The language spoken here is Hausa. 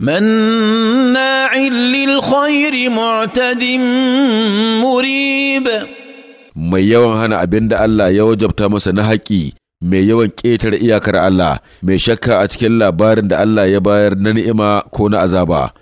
مناع للخير معتد مريب mai yawan hana abin da Allah ya wajabta masa na haƙi mai yawan ƙetare iyakar Allah mai shakka a cikin labarin da Allah ya bayar na ni'ima ko na azaba